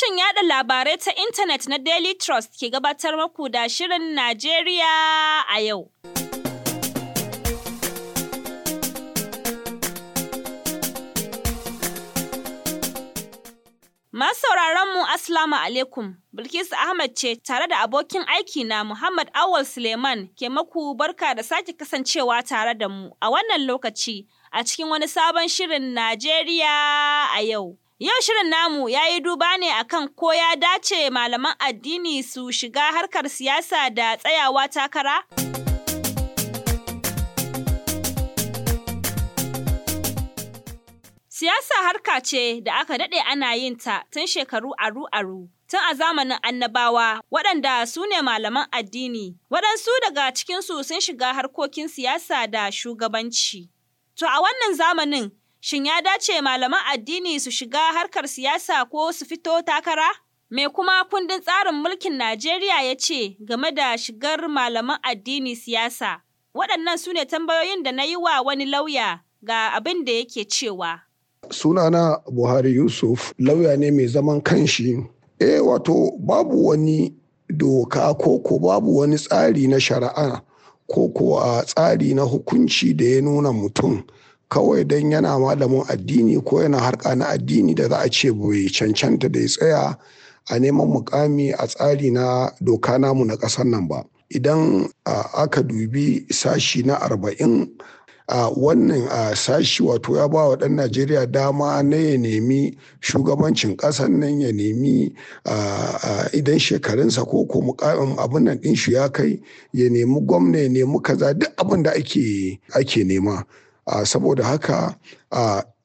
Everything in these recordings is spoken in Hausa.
Sashen yada labarai ta intanet na Daily Trust ke gabatar maku da Shirin Najeriya a yau. Masu mu Aslamu alaikum, Bilkisu Ahmad ce tare da abokin aiki na Muhammad Awal Suleiman ke maku barka da sake kasancewa tare da mu a wannan lokaci a cikin wani sabon shirin Najeriya a yau. Yau shirin namu ya yi duba ne akan ko ya dace malaman addini su shiga harkar siyasa da tsayawa takara? Siyasa harka ce da aka daɗe ana yin ta tun shekaru aru-aru. tun a zamanin annabawa waɗanda su ne malaman addini waɗansu daga cikinsu sun shiga harkokin siyasa da shugabanci. To a wannan zamanin Shin ya dace malaman addini su shiga harkar siyasa ko su fito takara? Me kuma kundin tsarin mulkin Najeriya ya ce game da shigar malaman addini siyasa? Waɗannan su ne tambayoyin da na yi wa wani lauya ga abin da yake cewa. Sunana Buhari Yusuf lauya ne mai zaman kanshi. E, wato babu wani doka ko ko babu wani tsari na shari'a ko ko tsari na hukunci da ya nuna mutum kawai don yana malamin addini ko yana harka na addini da za a ce bai cancanta da ya tsaya a neman mukami a tsari na doka namu na ƙasar nan ba idan aka dubi sashi na arba'in a wannan sashi wato ya ba wa ɗan najeriya dama na ya nemi shugabancin ƙasar nan ya nemi idan shekarunsa ko ko mukamin abin nan ɗin shi ya kai ya nemi gwamna ya nemi kaza duk abin da ake nema saboda haka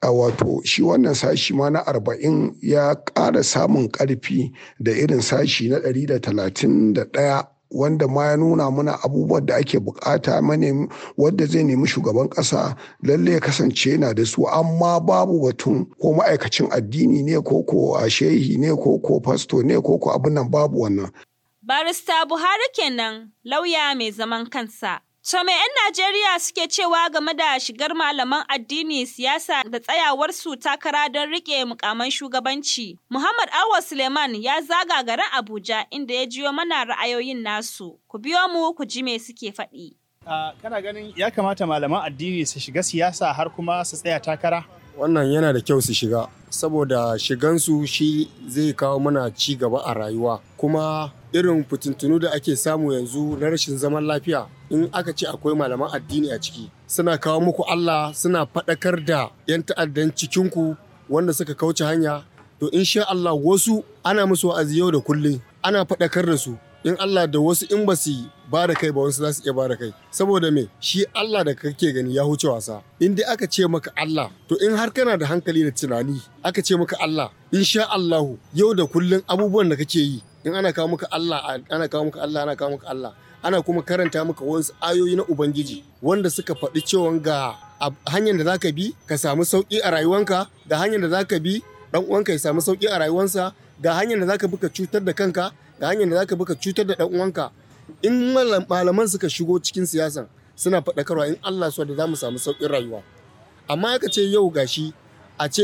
a wato shi wannan sashi ma na arba'in ya ƙara samun ƙarfi da irin sashi na ɗari da talatin da ɗaya wanda ma ya nuna mana abubuwan da ake bukata manemi wadda zai nemi shugaban ƙasa, lalle ya kasance na da su amma babu batun ko ma'aikacin addini ne ko ko shehi ne ko ko fasto ne ko ko abin nan babu wannan barista buhari kenan lauya mai zaman kansa So mai 'yan Najeriya suke cewa game da shigar malaman addini siyasa da tsayawar su takara don rike mukaman shugabanci? Muhammad Awa Suleiman ya zaga garin Abuja inda ya jiyo mana ra'ayoyin nasu. Ku biyo mu ku ji me suke faɗi. kana ganin ya kamata malaman addini su shiga siyasa har kuma su tsaya takara? Wannan yana da kyau su shiga, saboda shigansu shi zai kawo mana ci gaba a rayuwa. Kuma irin fitintunu da ake samu yanzu na rashin zaman lafiya in aka ce akwai malaman addini a ciki suna kawo muku Allah suna faɗakar da 'yan ta'addan cikinku wanda suka kauce hanya to in sha Allah wasu ana musu wa'azi yau da kullum ana faɗakar da su in Allah da wasu in ba su ba da kai ba wasu za su iya ba da kai saboda me shi Allah da kake gani ya huce wasa in dai aka ce maka Allah to in har kana da hankali da tunani aka ce maka Allah in sha Allah yau da kullum abubuwan da kake yi in ana kawo maka Allah ana kawo maka Allah ana kawo maka Allah ana kuma karanta maka wasu ayoyi na ubangiji wanda suka faɗi cewa ga hanyar da zaka bi ka samu sauƙi a rayuwanka ga hanyar da zaka bi ɗan uwanka ya samu sauƙi a rayuwansa ga hanyar da zaka bi ka cutar da kanka ga hanyar da zaka bi ka cutar da ɗan uwanka in malaman suka shigo cikin siyasan suna faɗakarwa in Allah so da mu samu sauƙin rayuwa amma aka ce yau gashi a ce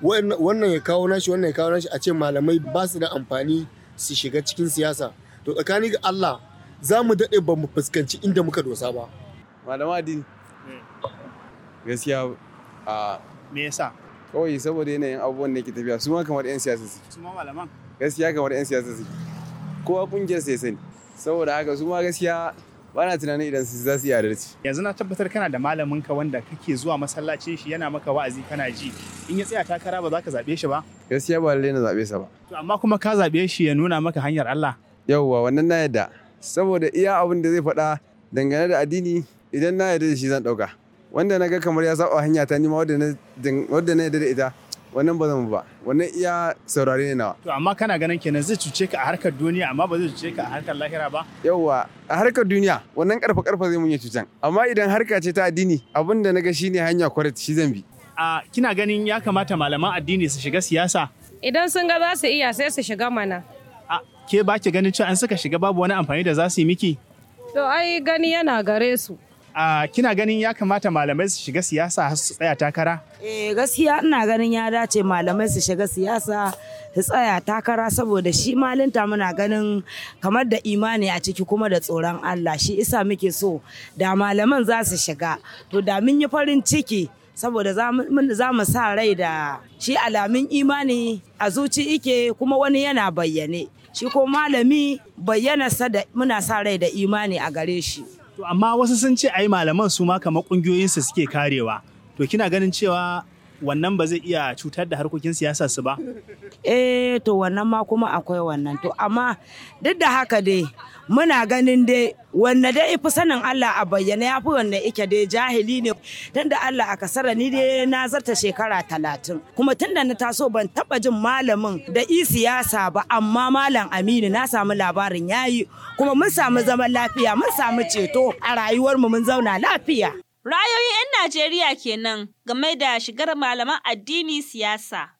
wannan ya kawo nashi wannan ya kawo nashi a ce malamai ba su da amfani su shiga cikin siyasa to tsakani ga Allah za mu daɗe ba mu fuskanci inda muka dosa ba. Malama Adini. Hmm. Gaskiya a. Me yasa? Kawai saboda yanayin abubuwan da ke tafiya su ma kamar 'yan siyasa suke. Su ma malaman. Gaskiya kamar 'yan siyasa suke. Kowa kungiyar sai sani. Saboda haka su ma gaskiya ba na tunanin idan su za su yi adalci. Yanzu na tabbatar kana da malamin ka wanda kake zuwa masallacin shi yana maka wa'azi kana ji. In ya tsaya takara ba za ka zaɓe shi ba? Gaskiya ba lallai na zaɓe sa ba. To amma kuma ka zaɓe shi ya nuna maka hanyar Allah. Yauwa wannan na yadda. saboda iya abin da zai faɗa dangane da addini idan na yarda da shi zan ɗauka wanda na ga kamar ya saba hanya ta nima wadda na yarda da ita wannan ba zan ba wannan iya saurare ne nawa to amma kana ganin kenan zai cuce ka a harkar duniya amma ba zai cuce ka a harkar lahira ba yawa a harkar duniya wannan karfa karfa zai mun yi cutan amma idan harka ce ta addini abin da na ga shine hanya correct shi zan bi a kina ganin ya kamata malaman addini su shiga siyasa idan sun ga za su iya sai su shiga mana ke ba ki ganin cewa an suka shiga babu wani amfani da za su yi miki? To ai gani yana gare su. A kina ganin ya kamata malamai su shiga siyasa su tsaya takara? Eh gaskiya ina ganin ya dace malamai su shiga siyasa su tsaya takara saboda shi malinta muna ganin kamar da imani a ciki kuma da tsoron Allah shi isa muke so da malaman za su shiga to da mun yi farin ciki saboda za mu sa rai da shi alamin imani a zuci ike kuma wani yana bayyane shi ko malami bayyanarsa da muna sa rai da imani a gare shi. To amma wasu sun ce ai malaman su ma kamar su suke karewa. To kina ganin cewa wannan ba zai iya cutar da harkokin siyasar su ba eh to wannan ma kuma akwai wannan to amma duk da haka dai muna ganin dai wanda dai ifi sanin Allah a bayyana ya fi wanda ike dai jahili ne tun da Allah a kasara ni dai na zarta shekara talatin kuma tun da na taso ban taba jin malamin da i siyasa ba amma malam Aminu na samu labarin yayi kuma mun samu zaman lafiya mun samu ceto a rayuwarmu mun zauna lafiya Ra'ayoyin 'yan Najeriya kenan game da shigar malaman addini siyasa.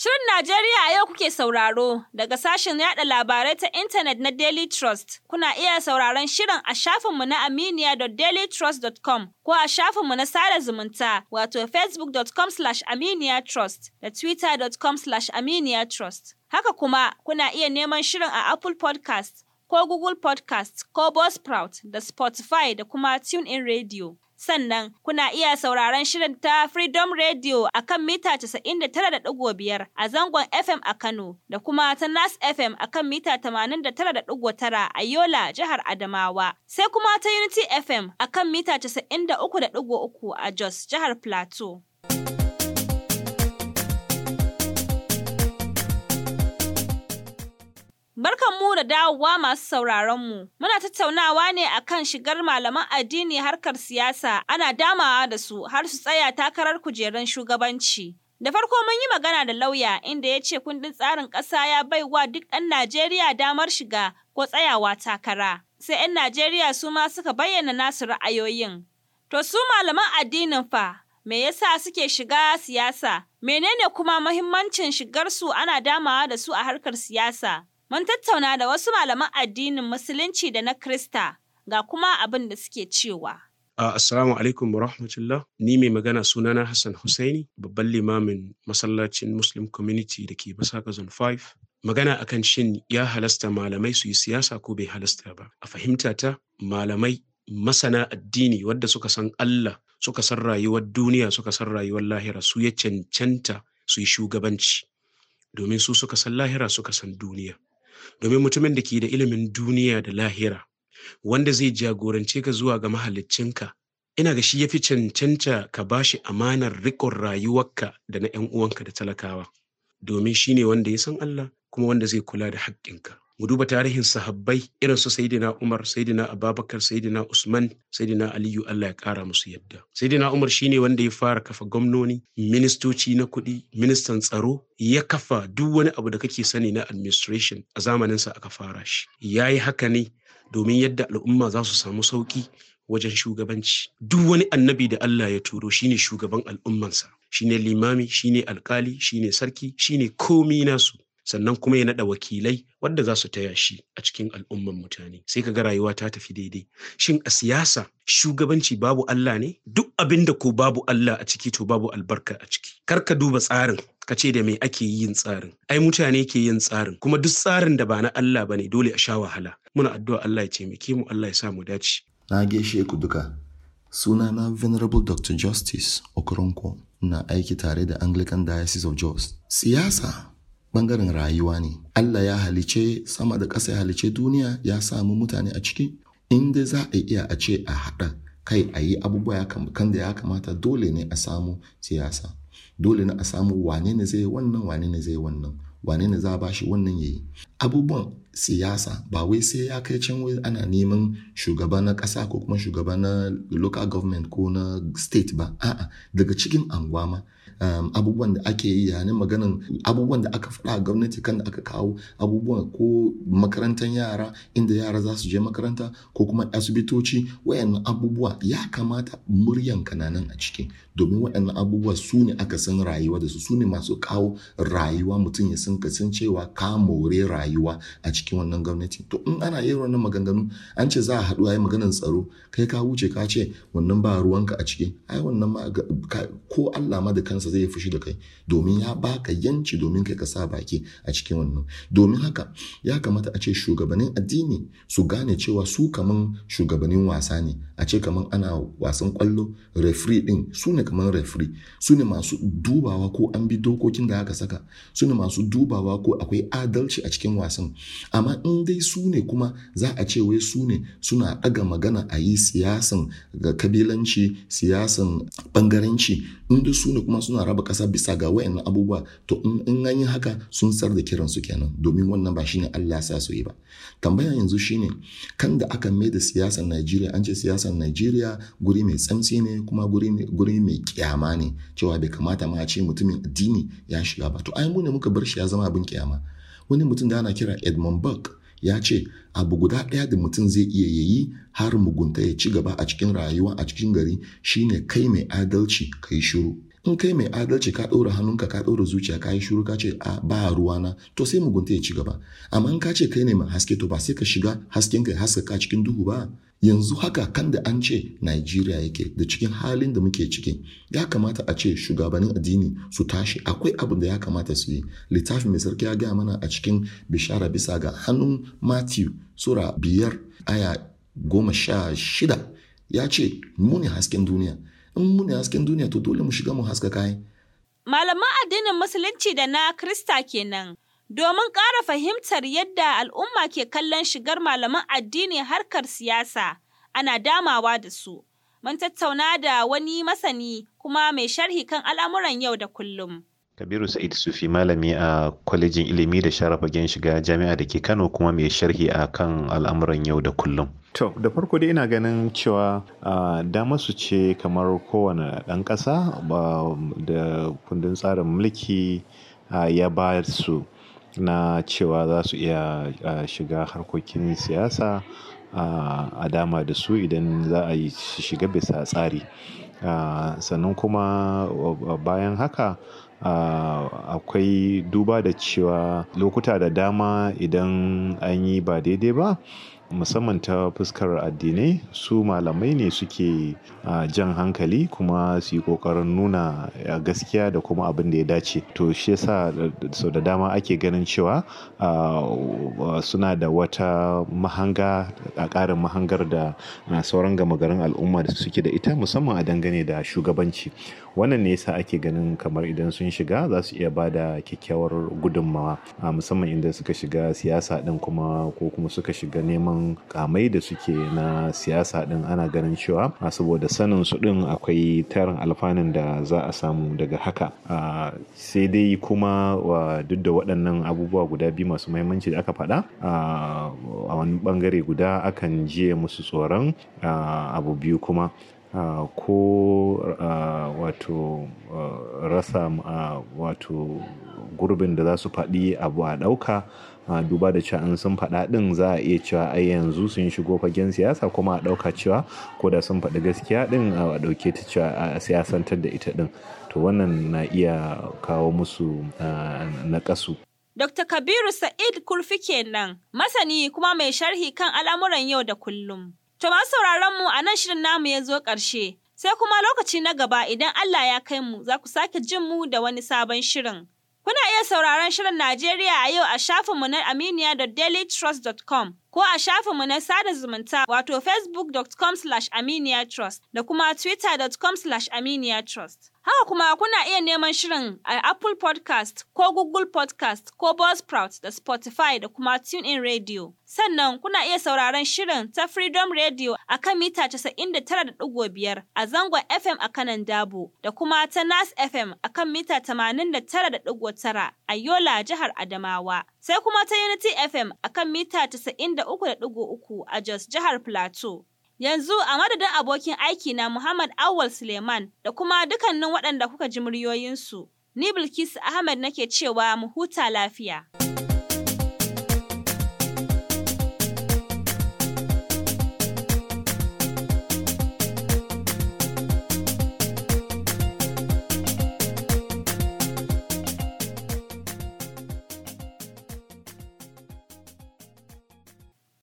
Shirin Najeriya a yau kuke sauraro daga sashen yada labarai ta intanet na Daily Trust. Kuna iya sauraron shirin a shafinmu na aminiya.dailytrust.com ko a shafinmu na sada zumunta wato facebook.com slash aminiya_trust da twitter.com slash aminiya_trust. Haka kuma kuna iya neman shirin a Apple podcast ko Google podcast ko Buzzsprout da Spotify da kuma TuneIn Radio. Sannan kuna iya sauraron shirin ta Freedom Radio a kan mita 99.5 a zangon FM a Kano da kuma ta Nas FM a kan mita 89.9 a Yola, jihar Adamawa. Sai kuma ta Unity FM a kan mita 93.3 a Jos, jihar Plateau. Barkan mu da dawowa masu sauraron mu. Muna tattaunawa ne akan shigar malaman addini harkar siyasa ana damawa da su har su tsaya takarar kujerun shugabanci. Da farko mun yi magana da lauya inda ya ce kundin tsarin ƙasa ya bai wa duk ɗan Najeriya damar shiga ko tsayawa takara. Sai 'yan Najeriya su ma suka bayyana nasu ra'ayoyin. To su malaman addinin fa me yasa suke shiga siyasa? Menene kuma muhimmancin shigarsu ana damawa da su a harkar siyasa? Mun tattauna da wasu malaman addinin Musulunci da na Krista ga kuma abin da suke cewa. Assalamu alaikum wa rahmatullah. Ni mai magana sunana Hassan Hussaini, babban limamin masallacin Muslim Community da ke Basaka Zone 5. Magana akan shin ya halasta malamai su yi siyasa ko bai halasta ba. A fahimta ta malamai masana addini wadda suka san Allah, suka san rayuwar duniya, suka san rayuwar lahira su ya cancanta su yi shugabanci. Domin su suka san lahira suka san duniya. domin mutumin da ke da ilimin duniya da lahira wanda zai jagorance ka zuwa ga mahaliccinka ina ga shi ya fi cancanta ka bashi amanar rikon rayuwarka da na 'yan uwanka da talakawa domin shi ne wanda ya san Allah kuma wanda zai kula da haƙƙinka mu duba tarihin sahabbai irin su sayyidina Umar sayyidina ababakar sayyidina Usman sayyidina Aliyu Allah ya kara musu yadda sayyidina Umar shine wanda ya fara kafa gwamnoni ministoci na kuɗi ministan tsaro ya kafa duk wani abu da kake sani na administration a zamanin sa aka fara shi yayi haka ne domin yadda al'umma za su samu sauki wajen shugabanci duk wani annabi da Allah ya turo shine shugaban al'ummansa shine limami shine alkali shine sarki shine komi nasu sannan kuma ya naɗa wakilai wanda za su taya shi a cikin al'umman mutane sai ka ga rayuwa ta tafi daidai shin a siyasa shugabanci babu Allah ne duk abin da ko babu Allah a ciki to babu albarka a ciki kar ka duba tsarin ka ce da me ake yin tsarin ai mutane ke yin tsarin kuma duk tsarin da ba na Allah bane dole a sha wahala muna addu'a Allah ya taimake mu Allah ya sa mu dace na gaishe ku duka sunana venerable dr justice okoronkwo na aiki tare da anglican diocese of jos siyasa bangaren rayuwa ne Allah ya halice sama da ƙasa ya halice duniya ya samu mutane a ciki Inda za a iya a ce a haɗa kai a yi abubuwa kan da ya kamata dole ne a samu siyasa dole ne a samu wane ne zai wannan wane ne zai wannan wane ne za a bashi wannan yayi abubuwan siyasa ba wai sai ya kai can wai ana neman shugaba na ƙasa ko kuma shugaba na local government ko na state ba a'a daga cikin angwama. Um, abubuwan da ake yi yanin maganin abubuwan da aka faɗa a gwamnati kan da aka kawo abubuwan ko makarantar yara inda yara za su je makaranta ko kuma asibitoci wayannan abubuwa ya kamata muryan kananan a ciki domin wayannan abubuwa su ne aka san rayuwa da su su ne masu kawo rayuwa mutum ya san kasan cewa ka more rayuwa a cikin wannan gwamnati to in ana yin wannan maganganu an ce za a haɗu a yi maganar tsaro kai ka wuce ka ce wannan ba ruwanka a ciki ai wannan ko Allah ma da kansa zai fushi da kai domin ya baka yanci domin kai ka sa baki a cikin wannan domin haka ya kamata a ce shugabannin addini su gane cewa su kaman shugabannin wasa ne a ce kaman ana wasan kwallo refri din su ne kaman refri su ne masu dubawa ko an bi dokokin da aka saka su ne masu dubawa ko akwai adalci a cikin wasan amma in dai su ne kuma za a ce wai su ne suna daga magana a yi siyasan kabilanci siyasan bangaranci in dai su ne kuma suna suna raba ƙasa bisa ga wayannan abubuwa to in an yi haka sun sar da kiran su kenan domin wannan ba shine Allah sa su yi ba tambaya yanzu shine kan da aka mai da siyasar Najeriya an ce siyasar Najeriya guri mai tsamsi ne kuma guri mai kiyama ne cewa bai kamata ma a ce mutumin addini ya shiga ba to ai mu ne muka bar shi ya zama abin kiyama wani mutum da ana kira Edmund Burke ya ce abu guda ɗaya da mutum zai iya yayi har mugunta ya ci gaba a cikin rayuwa a cikin gari shine kai mai adalci kai shiru in kai mai adalci ka ɗora hannunka ka ɗora zuciya ka yi shuru ka ce a ba na to sai mugunta ya ci gaba amma in ka ce kai ne mai haske to ba sai ka shiga hasken ka haskaka cikin duhu ba yanzu haka kan da an ce Najeriya yake da cikin halin da muke ciki ya kamata a ce shugabannin addini su tashi akwai abin da ya kamata su yi littafi mai sarki ya gaya mana a cikin bishara bisa ga hannun Matthew sura biyar aya goma sha shida ya ce mu ne hasken duniya in mu hasken duniya to dole mu shiga mu haska kayan. Malaman addinin Musulunci da na Krista kenan. Domin ƙara fahimtar yadda al'umma ke kallon shigar malaman addini harkar siyasa, ana damawa da su. Mun tattauna da wani masani kuma mai sharhi kan al'amuran yau da kullum. Kabiru Sa'id Sufi malami a kwalejin ilimi da Sharafa gen shiga jami'a da ke Kano kuma mai sharhi a kan al'amuran yau da kullum. To, da farko dai ina ganin cewa dama su ce kamar kowane ɗan ƙasa da kundin tsarin mulki ya ba su na cewa za su iya shiga harkokin siyasa a dama da su idan za a yi shiga bisa tsari. Sannan kuma bayan haka akwai duba da cewa lokuta da dama idan an yi ba daidai ba musamman ta fuskar addinai su malamai ne suke jan hankali kuma su yi kokarin nuna gaskiya da kuma abin da ya dace to shi yasa sau da dama ake ganin cewa suna da wata mahanga a ƙarin mahangar da na sauran gama garin al'umma da suke da ita musamman a dangane da shugabanci wannan ne yasa ake ganin kamar idan sun shiga za su iya ba da kyakkyawar gudunmawa musamman inda suka shiga siyasa ɗin kuma ko kuma suka shiga neman waɗannan kamai da suke na siyasa ɗin ana ganin cewa saboda sanin su ɗin akwai tarin alfanun da za a samu daga haka sai dai kuma duk da waɗannan abubuwa guda biyu masu mahimmanci da aka faɗa a wani bangare guda akan je musu tsoron abu biyu kuma Uh, ko uh, wato uh, rasa wato gurbin da za su faɗi abu a ɗauka duba da cewa an sun faɗa ɗin za a iya cewa ai yanzu sun shigo fagen siyasa kuma a ɗauka cewa ko da sun faɗi gaskiya ɗin a ɗauke ta cewa a siyasantar da ita ɗin to wannan na iya kawo musu naƙasu. Dr. Kabiru Sa'id Kurfi kenan, masani kuma mai sharhi kan al'amuran yau da kullum. To masu sauraron mu a nan shirin namu ya zo ƙarshe, sai kuma lokaci na gaba idan Allah ya kai mu za ku sake jin mu da wani sabon shirin. Kuna iya sauraron Shirin Najeriya a yau a shafinmu na aminiya.dailytrust.com ko a shafinmu na sada zumunta wato facebookcom aminiyatrust da kuma twittercom aminiyatrust Haka kuma kuna iya neman shirin a Apple Podcast ko Google Podcast ko Buzzsprout da Spotify da kuma TuneIn Radio. Sannan kuna iya sauraron shirin ta Freedom Radio a kan mita 99.5 a zangon FM a kanan Dabo da kuma ta Nas FM a kan mita 89.9 a Yola jihar Adamawa. Sai kuma ta Unity FM a kan mita 93.3 a Jos jihar Plateau. Yanzu a madadin abokin aiki na Muhammad Awal Suleiman da kuma dukannin waɗanda kuka ji muryoyinsu, ni Bilkisu Ahmed nake cewa mu huta lafiya.